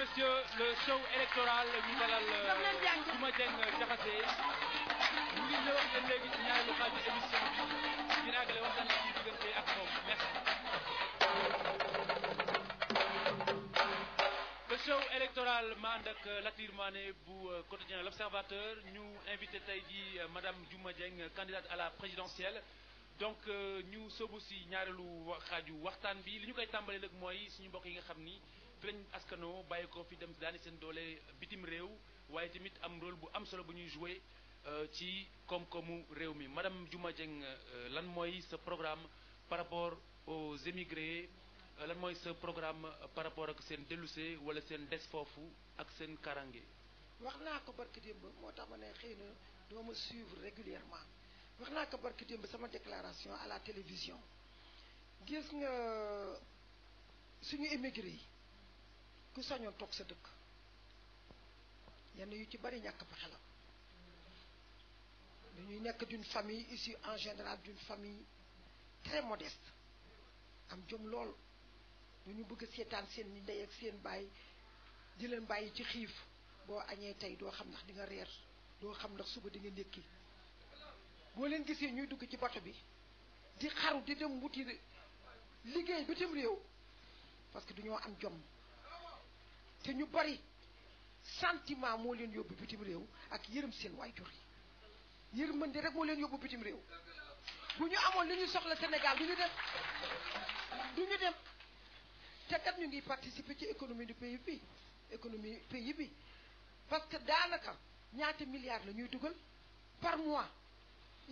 messieurs, le show électoral ñu dalal Coumba Dieng Diakhaté ñu ngi ñëw ak yéen léegi ci ñaareelu xaaj bi émission bi ngir àggale waxtaan ci diggante ak moom merci. le show électoral ma ànd ak euh, Latir Mané bu euh, quotidien L'Observateur ñu invité tey jii euh, madame Coumba Dieng candidate à la présidentielle. donc ñu sóobu si ñaareelu xaaju waxtaan bi li ñu koy tàmbalee nag mooy suñu mbokk yi nga xam ni. fi askano askanoo bàyyi ko fi dem daani seen doole bitim réew waaye tamit am rol bu am solo bu ñuy joué euh, ci koom-koomu réew mi madame Diouma Dieng euh, lan mooy sa programme par rapport aux émigrés euh, lan mooy sa programme par rapport ak seen dellusé wala seen des foofu ak seen karange wax naa ko barki démb moo tax ma ne xëy na doo ma suivre régulièrement wax naa ko barki démb sama déclaration à la télévision gis nga suñu émigré yi ku sañoon toog sa dëkk yenn yu ci bari ñàkk ba xelam ñuy nekk d'une famille issue en général d'une famille très modeste am jom lool dañu bëgg seetaan seen ni ndey ak seen bàyyi di leen bàyyi ci xiif boo añee tey doo xam ndax di nga reer doo xam ndax suba di nga ndékki boo leen gisee ñuy dugg ci bato bi di xaru di dem wuti liggéey bitim réew parce que du ñoo am jom te ñu bari sentiment moo leen yóbbu bitim réew ak yërëm seen waajur yi yërmande rek moo leen yóbbu bitim réew bu ñu amoon li ñu soxla Sénégal du ñu dem du ñu dem te kat ñu ngi participer ci économie du pays bi économie pays bi parce que daanaka ñaata milliards la ñuy dugal par mois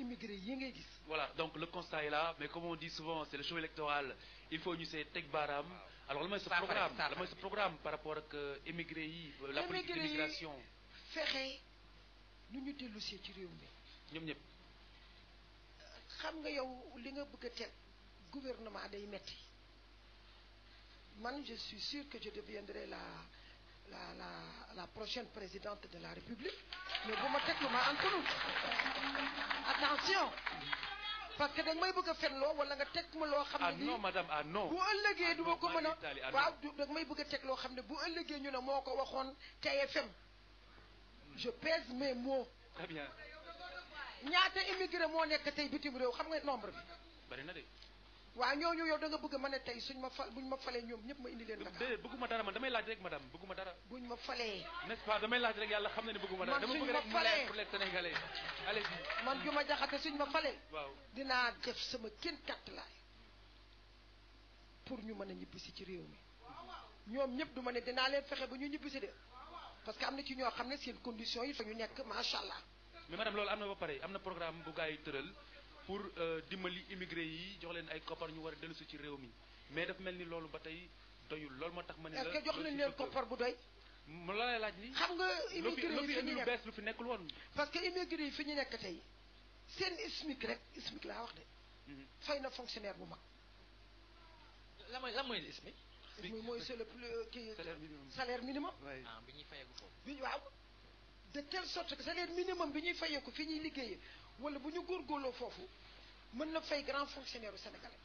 immigré yi ngay gis. voilà donc le constat est là mais comme on dit souvent c'est le show électoral il faut ñu see teg baaraam. alors lan mooy sa programme lan mooy sa programme par rapport ak euh, immigré yi. Euh, la politique d'immigration fexe nu ñu dellu see ci réew mi. ñoom ñëpp. xam nga yow li nga bëgg a teg gouvernement day metti man je suis sûr que je deviendrai la la la la prochaine présidente de la République mais bu ma teg lu ma attention parce que danga may bëgg a loo wala nga teg ma loo xam ne nii ah non madame ah non. bu ëllëgee ah du ma ko mën a ah waaw danga may bëgg a teg loo xam ne bu ëllëgee ñu na moo ko waxoon TFM je pèse mes mots. très bien. ñaata immigré moo nekk tey bitim réew xam nga nombre bi. na waa ñooñu yow da nga bëgg ma ne tey suñ ma fal buñ ma falee ñoom ñëpp ma indi leen Dakar déedéet bëgguma dara man damay laaj rek madame bëgguma dara buñ ma falee nest xam na ne bëgguma dara dama bëgg rek mu leer pour les man ju ma jaxate suñ ma falee waaw dinaa def sama kenn kattalaay pour ñu mën a ñibbisi ci réew mi ñoom ñëpp du ma ne dinaa leen fexe ba ñu ñibbisi de parce que am na ci ñoo xam ne seen conditions yi fa ñu nekk macha allah mais madame loolu am na ba pare am na programme bu gaa yi tëral pour euh, dimbali immigré yi jox leen ay koppar ñu war a dellusi ci réew mi mais daf mel ni loolu ba tey doyul loolu moo tax ma ne la. jox nañ leen koppar bu doy. mu la lay laaj ni xam nga immigré yi fi ñu nekk lu fi nekkul woon. parce que immigré yi fi ñu nekk tey seen SMIC rek SMIC laa wax de. Mhm. fay na fonctionnaire bu mag. la mooy la mooy SMIC. SMIC mooy c'est le plus kii euh, salaire minimum. Ah, bi ñuy fayeeku foofu. waaw de telle sorte que salaire minimum bi ñuy fayeeku fi ñuy liggéeyee wala bu ñu góor góorloo foofu mën na fay grand fonctionnaire u sénégalais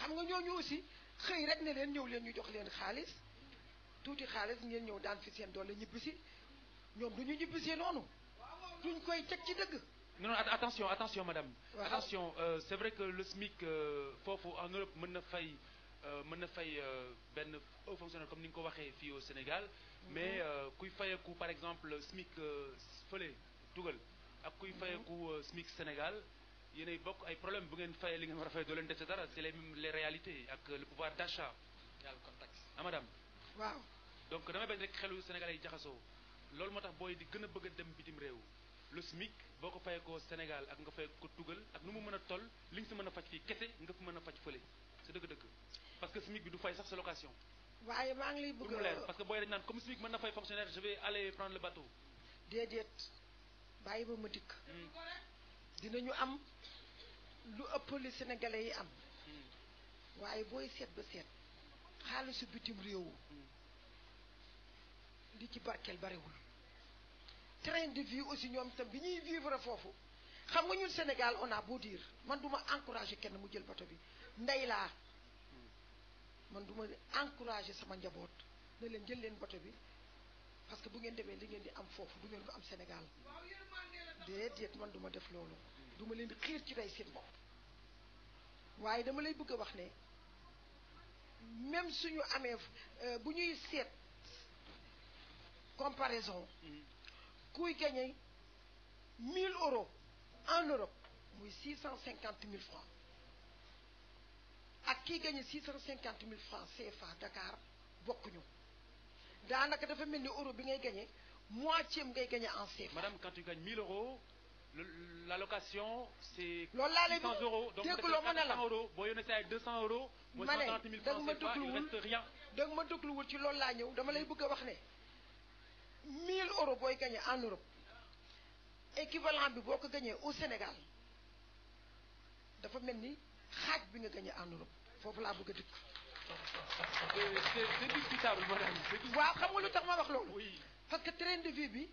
xam nga ñooñu aussi xëy rek ne leen ñëw leen ñu jox leen xaalis tuuti xaalis ngeen ñëw daan fi seen doole ñibbisi ñoom du ñu ñibbisee noonu ñu koy teg ci dëgg. non non attention attention madame. Voilà. attention euh, c'est vrai que le SMIC euh, foofu euh, en Europe mën na fay euh, mën na fay euh, benn haut fonctionnaire comme ni nga ko waxee fii au Sénégal. Mm-hmm. mais kuy fayeku par exemple SMIC fële dugal. ak kuy fayeku euh, SMIC Sénégal yéenay bokk ay problème bu ngeen fayee li ngeen war a fay doo leen dese dara c'est les mêmes les réalités ak euh, le pouvoir d'achat yàlla ah, waaw donc damay bañ rek xelu sénégalais yi jaxasoo loolu moo tax booy di gën a bëgg a dem bitim réew le SMIC boo ko fayee ko Sénégal ak nga fay ko tugal ak nu mu mën a toll li nga si mën a faj fii kese nga fi mën a faj fële c'est dëgg-dëgg parce que SMIC bi du fay sax sa location waaye maa ngi na fay fonctionnaire je vais bàyyi ba ma dikk hmm. dinañu am lu ëpp li sénégalais yi am hmm. waaye booy seet ba seet xaalisu bitim réew hmm. li ci barkeel barewul train de vie aussi ñoom itam bi ñuy vivre foofu xam nga ñun Sénégal on a beau dire man duma encourager kenn mu jël bato bi ndey laa man duma encourager sama njaboot ne leen jël leen bato bi parce que bu ngeen demee li ngeen di am foofu du ngeen ko am Sénégal déedéet man duma def loolu duma leen di xiir ci rey seen bopp waaye dama lay bëgg a wax ne même suñu amee euh, bu ñuy seet comparaison kuy gagné mille euros en Europe muy six cent cinquante mille francs ak kiy gagné six cent cinquante mille francs CFA Dakar bokkuñu daanaka dafa mel ni euro bi ngay gagné moitié ngay gagné en CFA. madame quand tu gagnes 1000 euros l'allocation c'est. loolu laa lay bëgg déggloo ma ne la euros boo yónnee ay 200 euros. mooy 130 000 francs CFA il ma dégluwul ci loolu laa ñëw dama lay bëgg a wax ne 1000 euros booy gagné en Europe équivalent bi boo ko gañee au Sénégal dafa mel ni xaaj bi nga gagné en Europe foofu laa bëgg a dëkk. Euh, c'est discutable madame waaw xam nga lu tax ma wax loolu parce que train de vie bi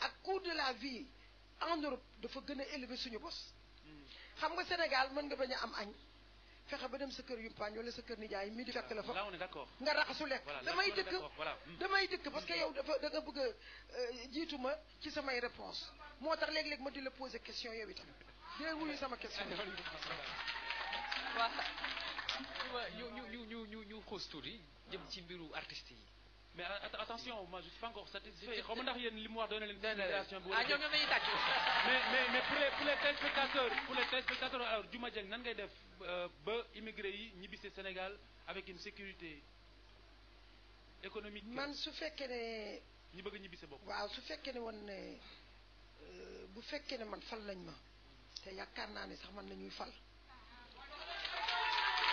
ak coût de la vie en Europe dafa gën a élevé suñu bos hmm. xam nga Sénégal mën nga bañ a am añ fexe ba dem sa kër yumpaañ wala sa kër nijaay mi di fekk la fa nga raxasu lekk damay dëkk hmm. damay dëkk parce que hmm. yow dafa da nga bëgg euh, jiitu ma ci samay réponse moo tax léeg-léeg ma di la poser question yow itam dee wuyu sama question waaw waaw ñu ñu ñu ñu ñu ñu xuus tuuti jëm ci mbiru artistes yi. mais attention moi je suis pas encore satisfait xaw ma ndax yéen li mu wax doon na leen. situation bi ah ñoom ñoom dañuy tàcc. mais mais mais pour les pour les téléspectateurs pour les téléspectateurs alors Diouma Dieng nan ngay def euh, ba immigré yi ñibbise Sénégal avec une sécurité économique. man su fekkee ne. ñi bëgg a ñibbise bopp. waaw su fekkee ne woon ne euh, bu fekkee ne man fal nañ ma te yaakaar naa ne sax man nañuy fal.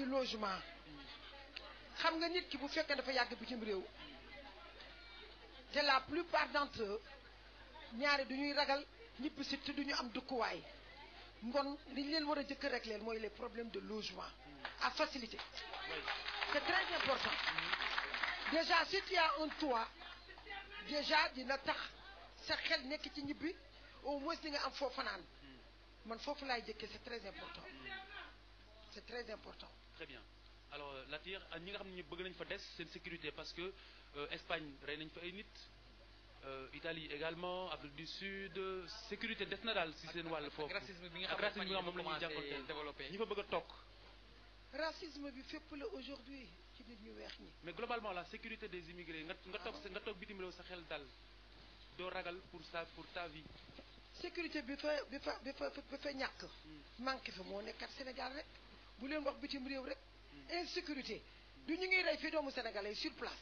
ay logement xam nga nit ki bu fekkee dafa yàgg bitim réew te la plupart d'entre eux du ñuy ragal ñibbi si du ñu am dëkkuwaay ngon li ñu leen war a jëkk rek mooy les problèmes de logement à faciliter c'est très important déjà si tu as un toit déjà dina tax sa xel nekk ci ñibbi au moins di nga am foo fanaan man foofu laay jëkkee c'est très important c'est très important très bien alors euh, Latir ak ñi nga xam ne bëgg nañ fa des seen sécurité parce que euh, Espagne rey nañ fa ay nit euh, Italie également Afrique du Sud sécurité des na daal si seen wàll foofu ak racisme bi nga xam ne moom la ñuy jànkonteel développé ñi fa a toog racisme bi fépp la aujourd'hui ci nit ñu weex ñi mais globalement la sécurité des immigrés nga nga toog nga toog bitim réew sa xel dal doo ragal pour sa pour ta vie sécurité bi fa bi fa bi fa bi ñàkk hmm. manqué fa moo nekkat Sénégal rek bu leen wax bitim réew rek hmm. insécurité du ñu ngi rey fii doomu sénégalais sur place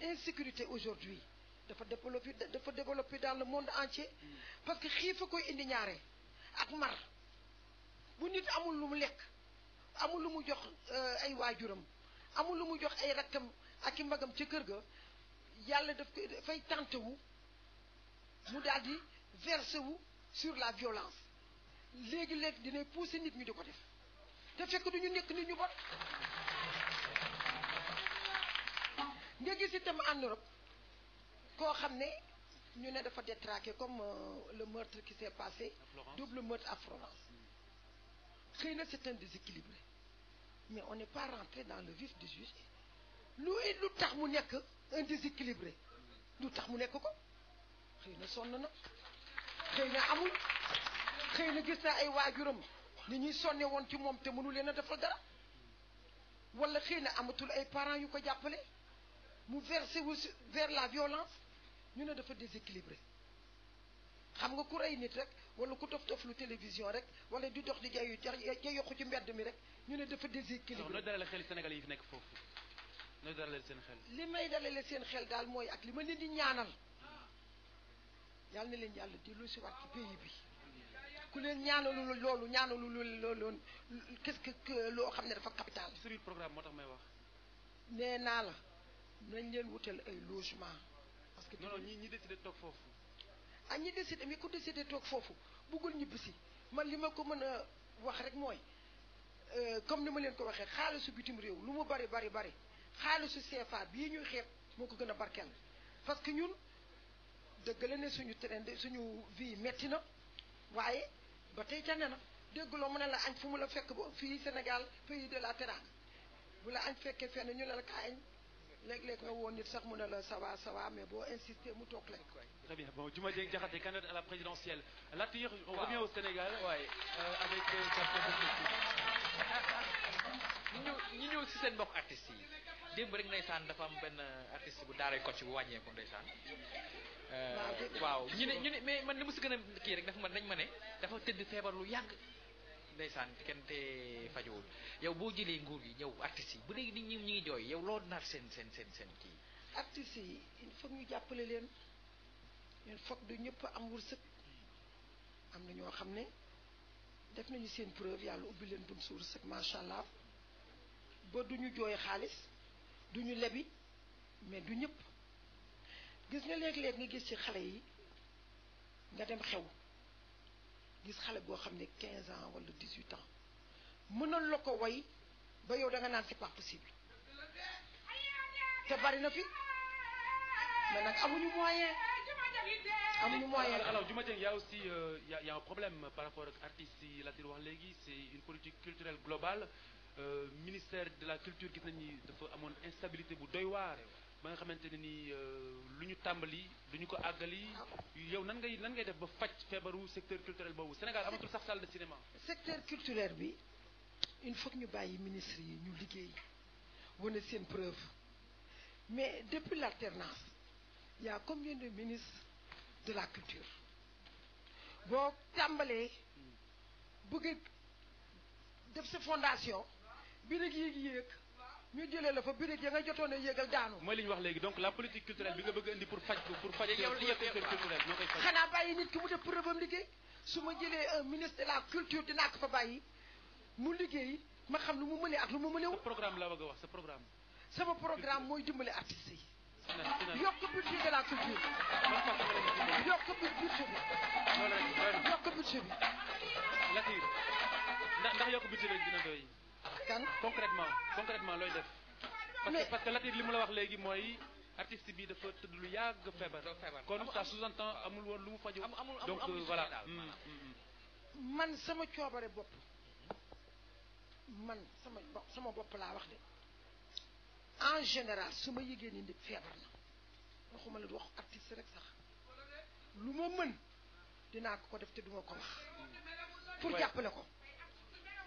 hmm. insécurité aujourd'hui dafa développé dafa développé dans le monde entier hmm. parce que xiif a koy indi ñaare ak mar bu nit amul lu mu lekk amul lu mu jox euh, ay waajuram amul lu mu jox ay rakkam ak i mbagam ca kër ga yàlla daf koy dafay tante wu mu dal di verser wu sur la violence léegi-léegi dinay pousser nit ñi di ko def te fekk du ñu nekk ni ñu bon nga gis itam en Europe koo xam ne ñu ne dafa détraqué comme euh, le meurtre qui s'est passé double meurtre à Florence xëy na c'est un déséquilibré mais on ne pas rentré dans le vif du sujet lu lu tax mu nekk un déséquilibré lu tax mu nekk ko xëy na sonn na xëy na amul xëy na gis naa ay waajuram ni ñuy sonnee woon ci moom te mënu leen a defal dara wala xëy na amatul ay parents yu ko jàppale mu versé wu vers la violence ñu ne dafa déséquilibré xam nga ku rey nit rek wala ku dof dof lu télévision rek wala di dox di jayu ja yokku ci mbedd mi rek ñu ne dafa déséquilibré. non noo dalale xel Sénégal yi fi nekk foofu noo dalale seen xel. li may dalale seen xel daal mooy ak li ma leen di ñaanal yàlla na leen yàlla dellu si waat ci pays bi. ku leen ñaanalu loolu ñaanalu loolu loolu qu'est-ce que loo xam ne dafa capital. ci suñu programme moo tax may wax. nee naa la nañ leen wutal ay logement parce que non non ñi ñi décidé toog foofu. ah ñi décidé mais ku décidé toog foofu bëggul ñibbisi man li ma ko mën a wax rek mooy euh, comme ni ma leen ko waxee xaalisu bitim réew lu mu bari bari bari xaalisu CFA bii ñuy xeeb moo ko gën a barkeel parce que ñun dëgg la ne suñu train suñu vie metti na waaye ba tey ca ne dégg loo mu ne la añ fu mu la fekk ba fii Sénégal pays de la teranga bu la añ fekkee fenn ñu ne la kaa añ léeg lekk nga woon nit sax mu ne la ça va ça mais boo insister mu toog lekk très bien bon Diouma Dieng Diakhaté candidate à la présidentielle Latir on revient au Sénégal waaye euh, avec euh, ñu ñëw si seen mbokk artistes yi démb rek ndeysaan dafa am benn artiste bu daaray Kocc bu wàññeeku ndeysaan euh, waaw ñu ne ñu ne mais man li mu si gën a kii rek dafa ma dañ ma ne dafa tëdd feebar lu yàgg ndeysaan kenn te fajowul yow boo jëlee nguur yi ñëw artistes yi bu léegi nit ñu ñu ngi jooy yow loo naar seen seen seen seen kii artistes yi il ñu jàppale leen il faut du ñëpp am wërsëg am na ñoo xam ne def nañu seen preuve yàlla ubbi leen bunt su wërsëg macha allah ba du ñu jooy xaalis du ñu lebi mais du ñëpp gis nga léeg-léeg nga gis ci xale yi nga dem xew gis xale boo xam ne 15 ans wala 18 ans mënal la ko way ba yow da nga naan c'est pas possible te bari na fi mais nag amuñu moyen. amuñu moyen alors Diouma Dieng y' a aussi euh, y' a un problème par rapport ak artistes yi la wax léegi c'est une politique culturelle globale. Euh, ministère de la culture gis nañ ni dafa amoon instabilité bu doy waar ba nga xamante ne ni euh, lu ñu tàmbali du ñu ko àggali yow nan ngay nan ngay def ba faj feebaru secteur culturel boobu Sénégal amatul sax salle de cinéma. secteur culturel bi il faut que ñu bàyyi ministre yi ñu liggéey wane seen preuve mais depuis l'alternance y a combien de ministre de la culture boo tàmbalee bëgg def sa fondation. birig yéeg yéeg ñu jëlee la fa birig ya nga jotoon a yéegal daanu mooy li ñu wax léegi donc la politique culturelle bi nga bëgg indi pour faj ko pour faj yow culturelle ñoo koy faj xanaa bàyyi nit ki su ma jëlee un ministre de la culture dinaa ko fa mu liggéey ma xam lu mu mënee ak lu mu mënewul sa programme la bëgg a wax sama programme mooy dimbale artistes yi yokk budget de la culture yokk budget bi ndax yokk budget bi dina doy kan concrètement concrètement looy def. parce que parce que Latir li mu la wax léegi mooy artiste bi dafa tëdd lu yàgg feebar. kon ça sous-entend amul woon lu mu faju donc euh, voilà. Hmm, hmm, hmm. man sama coobare bopp man sama bopp sama bopp laa wax de en général su ma yëgee ni nit feebar na waxuma la wax artiste rek sax lu ma mën dinaa ko ko def te ko wax. pour jàppale ko.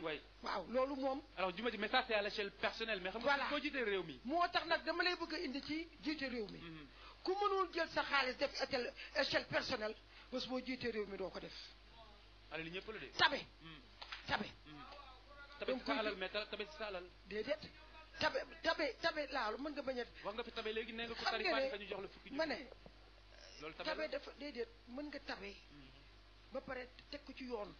way waaw loolu moom. alors juma ji mais ça c'est à l'échelle personnelle. mais xam nga koo jiite réew mi. moo tax nag dama lay bëgg a indi ci jiite réew mi. Mm-hmm. ku mënul jël sa xaalis def échelle échelle personnelle bés boo jiitee réew mi doo ko def. ale li ñëpp la de. tabe. Mm. tabe. Mm. tabe sa alal mais tabe sa alal. déedéet tabe tabe tabe laalu mën nga bañ a. wax nga fi tabe léegi nee nga ko tarifaati fa ñu jox ne. loolu tabe dafa déedéet mën nga tabe. Mm. ba pare teg ko ci yoon.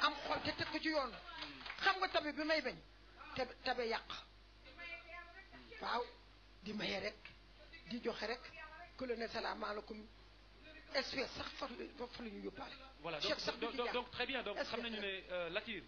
am xol te teg ko ci yoon xam nga tabe bi may bañ te tabe yàq waaw di maye rek di joxe rek ku la ne salaamaaleykum espèce sax fa fa la ñu yóbbaale. voilà donc donc très bien donc xam nañu ne euh, Latir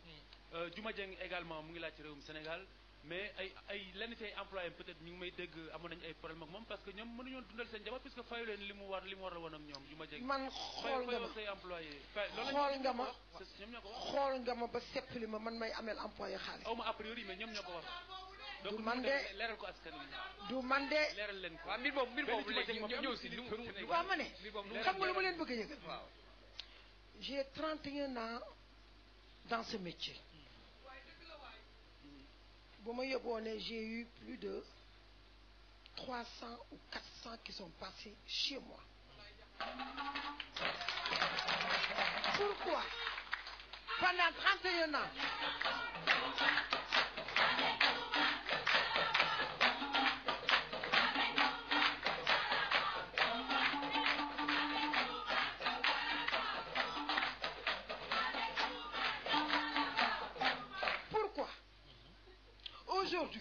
Diouma hmm. euh, également mu ngi laaj ci réewum Sénégal. mais ay ay lenn ci ay employé peut ñu ngi may dégg amoon nañu ay problème ak moom parce que ñoom mënuñoon dundal seen jabar puisque fayu li mu war li mu war a woon ak ñoom yu ma jeg man xool nga ma xool nga ma ko xool nga ma ba sepp li ma man may ameel employé xaalis a priori mais ñoom ñoo ko wax du man de leeral ko askan wi du man de leeral leen ko waaw mbir boobu mbir boobu léegi ñëw si waaw ma ne xam nga lu ma leen bëgg a yëgal j'ai 31 ans dans ce métier bu ma yëgoon ne j'ai eu plus de trois cents ou quatre cents qui sont passés chez moi pourquoi pendant 31 ans aujourd'hui